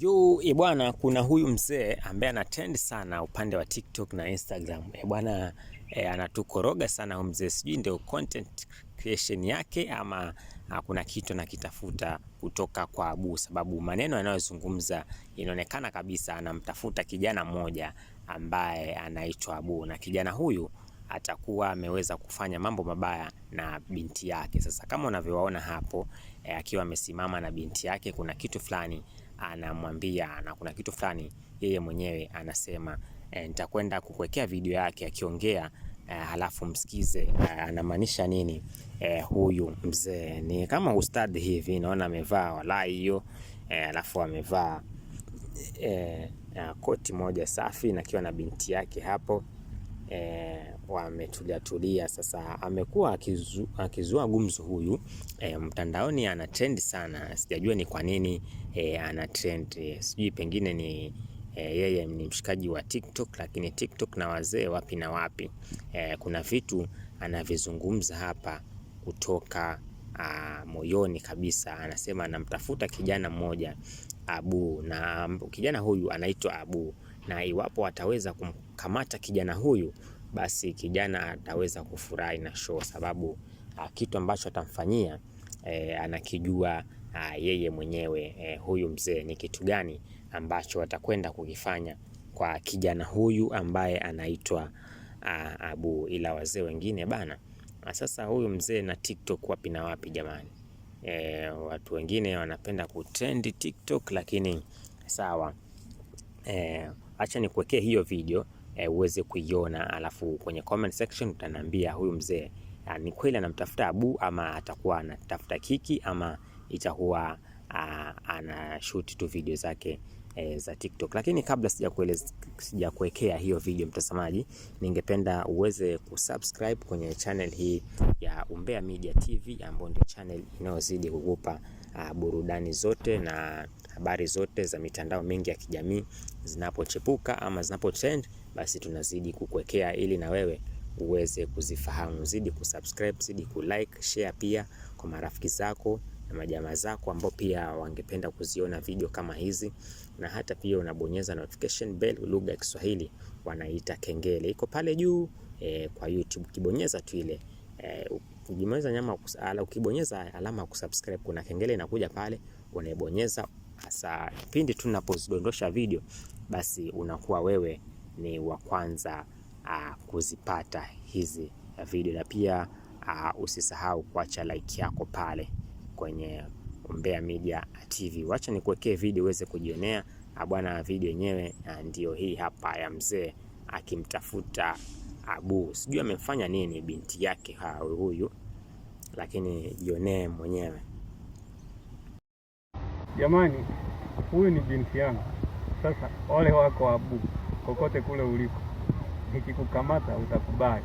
juu e bwana, kuna huyu mzee ambaye anatend sana upande wa TikTok na Instagram. E bwana, e, anatukoroga sana huyu mzee, sijui ndio content creation yake ama kuna kitu anakitafuta kutoka kwa Abu, sababu maneno anayozungumza inaonekana kabisa anamtafuta kijana mmoja ambaye anaitwa Abu, na kijana huyu atakuwa ameweza kufanya mambo mabaya na binti yake. Sasa kama unavyowaona hapo e, akiwa amesimama na binti yake, kuna kitu fulani anamwambia na kuna kitu fulani yeye mwenyewe anasema e, nitakwenda kukuwekea video yake akiongea e, halafu msikize e, anamaanisha nini e, huyu mzee. Ni kama ustad hivi, naona amevaa walai hiyo e, alafu amevaa e, koti moja safi na na binti yake hapo e, wametuliatulia. Sasa amekuwa akizu, akizua gumzo huyu e, mtandaoni ana trend sana, sijajua ni kwa nini e, ana trend sijui, pengine ni e, yeye ni mshikaji wa TikTok, lakini TikTok na wazee wapi na wapi e, kuna vitu anavizungumza hapa kutoka a, ah, moyoni kabisa. Anasema anamtafuta kijana mmoja Abu, na kijana huyu anaitwa Abu, na iwapo ataweza kumkamata kijana huyu basi kijana ataweza kufurahi na show, sababu ah, kitu ambacho atamfanyia e, anakijua a, ah, yeye mwenyewe e, huyu mzee ni kitu gani ambacho atakwenda kukifanya kwa kijana huyu ambaye anaitwa ah, Abu, ila wazee wengine bana. Sasa huyu mzee na TikTok wapi na wapi jamani? E, watu wengine wanapenda kutrend TikTok, lakini sawa e, acha nikuwekee hiyo video. Eh, uweze kuiona, alafu kwenye comment section utaniambia huyu mzee ah, ni kweli anamtafuta Abu ama atakuwa anatafuta Kiki ama itakuwa ah, ana shoot tu video zake e, za TikTok. Lakini kabla sijakueleza sijakuwekea hiyo video mtazamaji, ningependa uweze kusubscribe kwenye channel hii ya Umbea Media TV ambayo ndio channel inayozidi kukupa ah, burudani zote na habari zote za mitandao mingi ya kijamii zinapochepuka ama zinapotrend basi tunazidi kukuwekea ili na wewe uweze kuzifahamu. Zidi kusubscribe, zidi kulike, share pia kwa marafiki zako na majamaa zako ambao pia wangependa kuziona video kama hizi, na hata pia unabonyeza notification bell, lugha ya Kiswahili wanaita kengele, iko pale juu e, kwa YouTube ukibonyeza tu ile e, ukibonyeza nyama ala, ukibonyeza alama ya kusubscribe kuna kengele inakuja pale, unaibonyeza hasa pindi tunapozidondosha video, basi unakuwa wewe ni wa kwanza uh, kuzipata hizi video, na pia uh, usisahau kuacha like yako pale kwenye Umbea Media TV. Wacha nikuwekee video uweze kujionea bwana. Video yenyewe ndio hii hapa ya mzee akimtafuta Abu, sijui amefanya nini binti yake huyu, lakini jionee mwenyewe. Jamani, huyu ni binti yangu, sasa ole wako Abu kokote kule uliko, nikikukamata utakubali.